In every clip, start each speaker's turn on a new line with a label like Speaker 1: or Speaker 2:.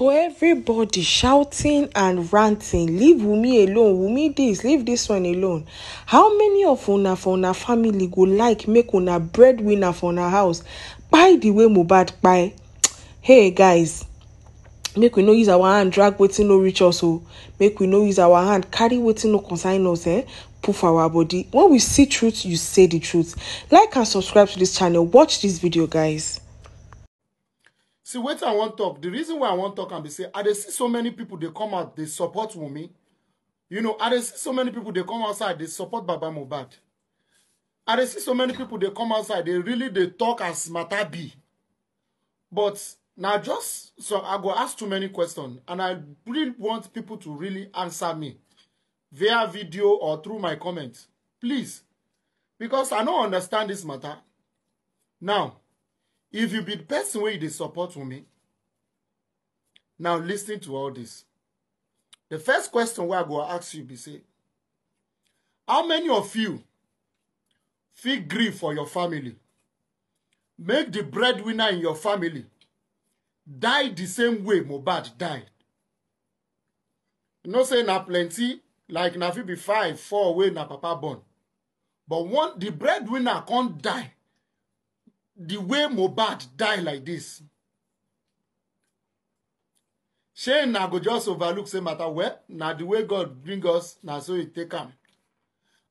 Speaker 1: To everybody shouting and ranting, leave Wumi alone, Wumi this, leave this one alone. How many of una for una family go like make una breadwinner for una house? By the way, Mubad, by. Hey guys, make we no use our hand drag waiting no reach us o oh. make we no use our hand carry waiting no concern us eh poof our body when we see truth you say the truth like and subscribe to this channel watch this video guys. see wait, i wan talk the reason why i wan talk and be say i see so many people they come out they support wunmi you know i see so many people they come outside they support baba mohbad i see so many people they come outside they really they talk as matter be but now, just so i go ask too many questions and i really want people to really answer me via video or through my comments, please because i don't understand this matter now if you be the person wey you dey support me, now lis ten to all this the first question wey i go ask you be say how many of you fit gree for your family make the breadwinner in your family die the same way mohbad die you know say na plenty like na fit be five four wey na papa born but one the breadwinner come die the way Mohbad die like this shey na go just overlook say matter well na the way god bring us na so e take am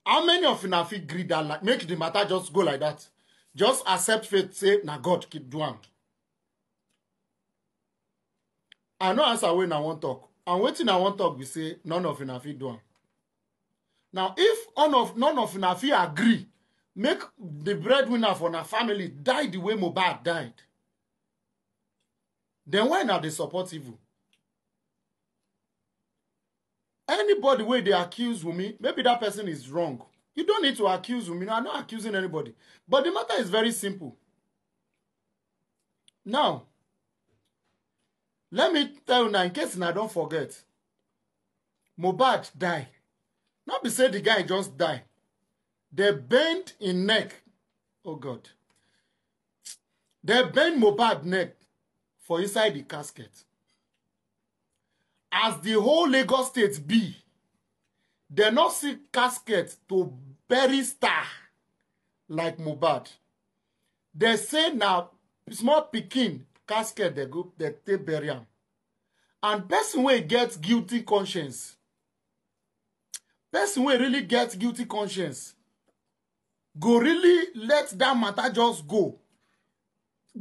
Speaker 1: how many of una fit gree that like make the matter just go like that just accept faith say na god keep do am i no answer wey una wan talk and wetin i wan talk be say none of una fit do am now if none of none of una fit agree make the breadwinner for na family die the way Mohbad died then why na dey support evil anybody wey dey accuse wunmi maybe that person is wrong you don need to accuse wunmi i'm not accusing anybody but the matter is very simple now let me tell you in case na don forget mohbad die not be say the guy just die They bend in neck. Oh God. They bend Mobad neck for inside the casket. As the whole Lagos state be, they not see casket to bury star like Mobad. They say now small pikin casket they go they take bury am. And person wey get guilty conscience, person wey really get guilty conscience, go really let that matter just go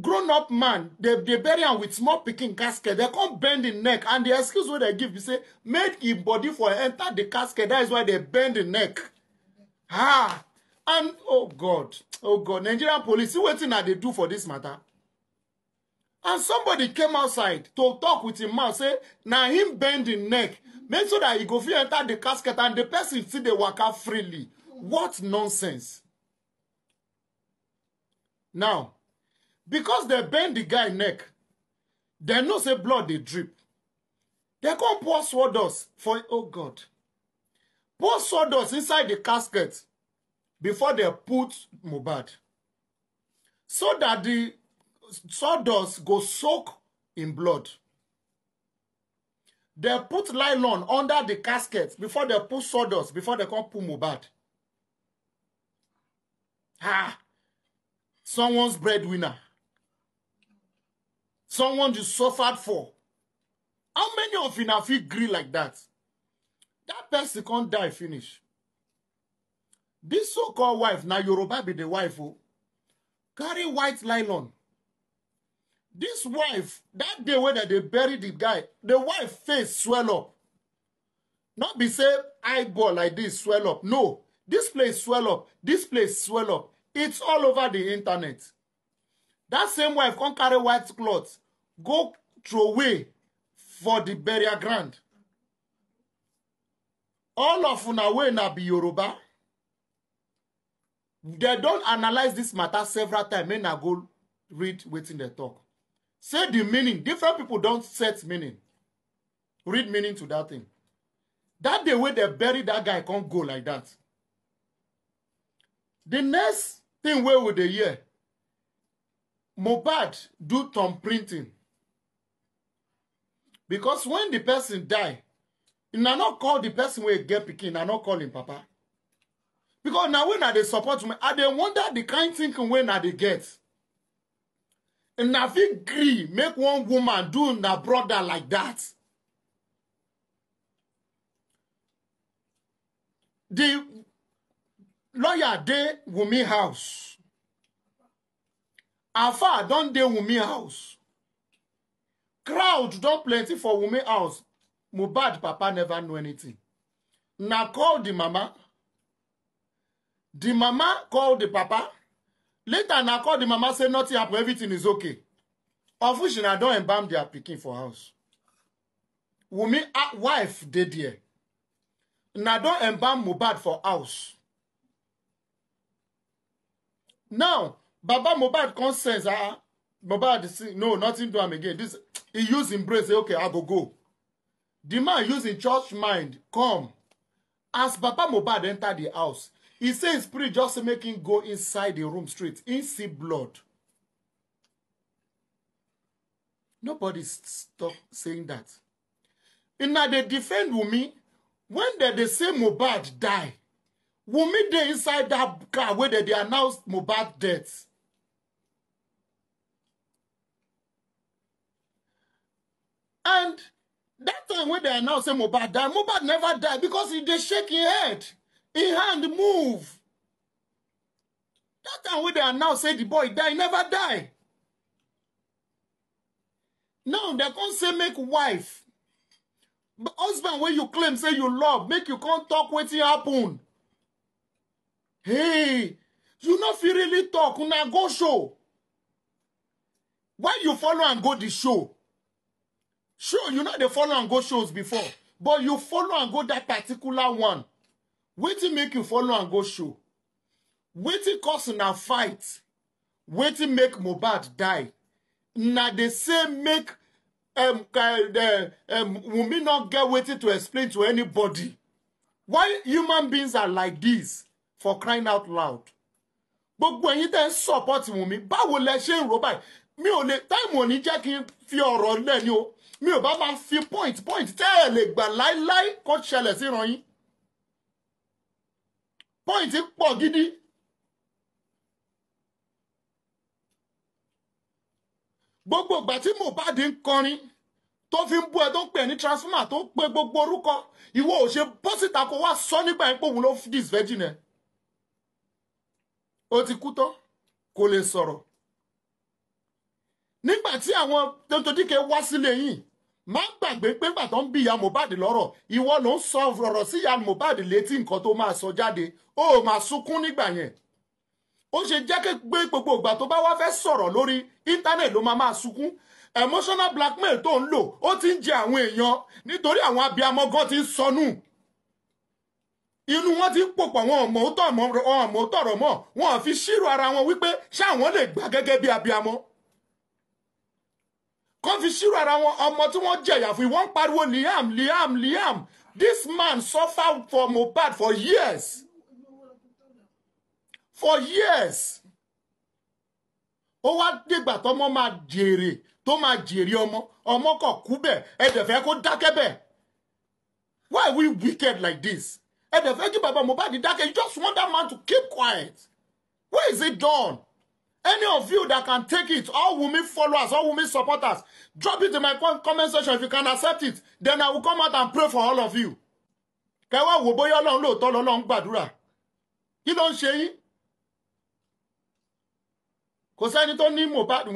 Speaker 1: grown up man dey bury am with small pikin casket dem come bend im neck and the excuse wey dem give be say make im body for enter the casket That is why dem bend im neck ah and oh god oh god nigerian police see wetin i dey do for this matter and somebody came outside to talk with him mouth say na him bend him neck make so that he go fit enter the casket and the person still dey waka freely what nonsense now because they bend the guy neck they know say blood they drip They come pour sawdust for oh god pour sawdust inside the casket before they put Mubad. so that the sawdust go soak in blood They put nylon under the casket before they put sawdust before they come put Mubad. ah someone's breadwinner, someone you suffered for. How many of you now feel green like that? That person can't die finish. This so-called wife, now Yoruba be the wife, who oh. carry white nylon. This wife, that day when they buried the guy, the wife face swell up. Not be say eyeball like this swell up. No, this place swell up. This place swell up. It's all over the internet. That same wife can't carry white cloth, go throw away for the burial ground. All of una wey na be Yoruba. They don't analyze this matter several times. May na go read wetin their talk. Say the meaning. Different people don't set meaning. Read meaning to that thing. That the way they bury that guy can't go like that the next thing wey we dey hear mohbad do thumb printing because when the person die e na not call the person wey get pikin na not call him papa because na when i dey support me i dey wonder the kind thinking wey na dey get e na fit gree make one woman do na brother like that the lawyer dey wunmi house afa don dey wunmi house crowd don plenty for wunmi house mohbad papa never know anything na call di mama di mama call di papa later na call di mama say nothing happen everything is okay of which na don embalm their pikin for house wunmi ah, wife dey there na don embalm mohbad for house now baba mohbad come sense ah mohbad see no nothing do am again this he use him brain say okay i go go the man use him church mind come as baba mohbad enter the house he say his spirit just make him go inside the room straight him see blood nobody stop saying that una dey defend wunmi when dem dey say mohbad die wunmi dey inside that car where they dey announce mohbad death and that time wey they announce say mohbad die mohbad never die because he dey shake im head im hand move That time wey they announce say di boy die e never die now they can't say make wife husband When you claim say you love make you come tok wetin happen hey you no fit really talk una go show why you follow am go the show show you no dey follow am go shows before but you follow am go that particular one wetin make you follow am go show wetin cause na fight wetin make mohbad die na dey say make um, um, wunmi no get wetin to explain to anybody why human beings are like this? for crying out loud gbogbo ẹ̀yin tẹ́ ń support Wùmí báwo lẹ ṣe ń rò báyìí mi ò lè táìmù ò ní jẹ́ kí n fi ọ̀rọ̀ lẹ̀ ni o mi ò bá máa fi point point tẹ́ ẹ̀ lè gbà láíláí kó ṣẹlẹ̀ síran yín point pọ̀ gidi gbogbo ìgbà tí Mohbad ń kọrin tó fi ń bú ẹ tó ń pè ní transformer tó ń pe gbogbo orúkọ ìwọ ò ṣe bó síta kó wá sọ nígbà yẹn pé òun ló dis virgin ẹ ó ti kú tán kò lè sọ̀rọ̀ nígbà tí àwọn Tonto-Dike wá sílé yìí má gbàgbé pé gbà tó ń bí ìyá Mohbad lọ́rọ̀ ìwọ ló ń sọ ọ̀rọ̀ sí ìyá Mohbad létí nǹkan tó máa sọ jáde ó máa sunkún nígbà yẹn ó ṣe jẹ́ pé gbogbo ìgbà tó bá wá fẹ́ sọ̀rọ̀ lórí íńtánẹ̀tì ló máa máa sunkún emotional blackmail tó ń lò ó ti ń jẹ àwọn èèyàn nítorí àwọn abiyamọ gan ti ń sọnù inú wọn ti ń pòpọ̀ wọn ọmọ ó tọ̀rọ̀ mọ́ ọmọ ó tọ̀rọ̀ mọ́ wọn fi ṣírò ara wọn wípé ṣáwọn lè gbà gẹ́gẹ́ bí abiamọ kọ́ fi ṣírò ara wọn ọmọ tí wọ́n jẹ̀yà fún ìwọ́n pariwo Liam Liam Liam this man suffer for Mohbad for years for years ó wá dìgbà tọ́mọ máa jèrè tó máa jèrè ọmọ ọmọ kọ̀ kú bẹ̀ ẹ dẹ̀ kó dákẹ́ bẹ̀ why we wicked like this. And the fẹ́ kí bàbá Mohbad you just want that man to keep quiet where is it done any of you that can take it all women followers all women supporters drop it in my comment section if you can accept it then I will come out and pray for all of you kẹwàá wò bóyá Ọlọ́run lóòótọ́ lọ́lọ́run gbàdúrà kí ló ń ṣe yín kò sẹ́ni tó ní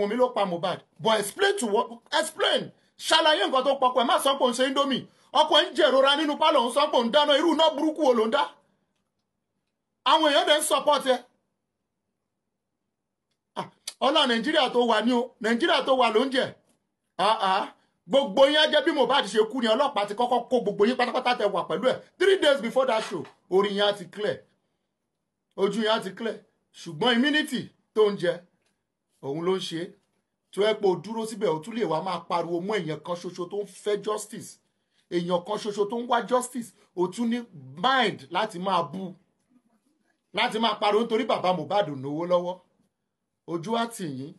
Speaker 1: women look ló pa but explain to what explain Shall I even go pẹ̀ má sọ pé òun ṣe ọkọ̀ ń jèrora nínú pálọ̀ ń sọ́pọ̀ ń dáná irú iná burúkú wo ló ń dá àwọn èèyàn dẹ̀ ń support ẹ ah, ọlá nàìjíríà tó wà ní o nàìjíríà tó wà ló ń jẹ ah, ah, gbogbo yín ajẹ́ bí Mohbad ṣe kú ni ọlọ́pàá ti kọ́kọ́ kó gbogbo yín pátápátá tẹ wà pẹ̀lú ẹ̀ three days before that show orí yín á ti clear ojú yín á ti clear ṣùgbọ́n immunity tó ń jẹ òun ló ń ṣe tó ẹ pé o dúró síbẹ̀ o tún lè wá máa pariwo mọ́ èèyàn kan ṣoṣo tó ń fẹ́ justice èèyàn kan ṣoṣo tó ń wá justice ó tún ní mind láti máa bú láti máa pariwo nítorí bàbá Mohbad náwó lọ́wọ́ ojú àtìyìn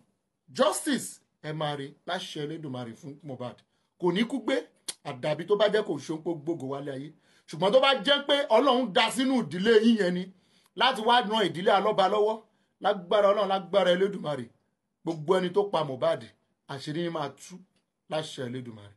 Speaker 1: justice ẹ máa rí láṣẹ Elédùmarè fún Mohbad kò ní kú gbé àdàbí tó bá jẹ́ kò ṣonpó gbogbo wálé ayé ṣùgbọ́n tó bá jẹ́ pé Ọlọ́run dá sínú ìdílé yín yẹn ni láti wá ran ìdílé alọ́ba lọ́wọ́ lágbára Ọlọ́run lágbára Elédùmarè gbogbo ẹni tó pa Mohbad àṣírí yín máa tú láṣẹ Elédùmarè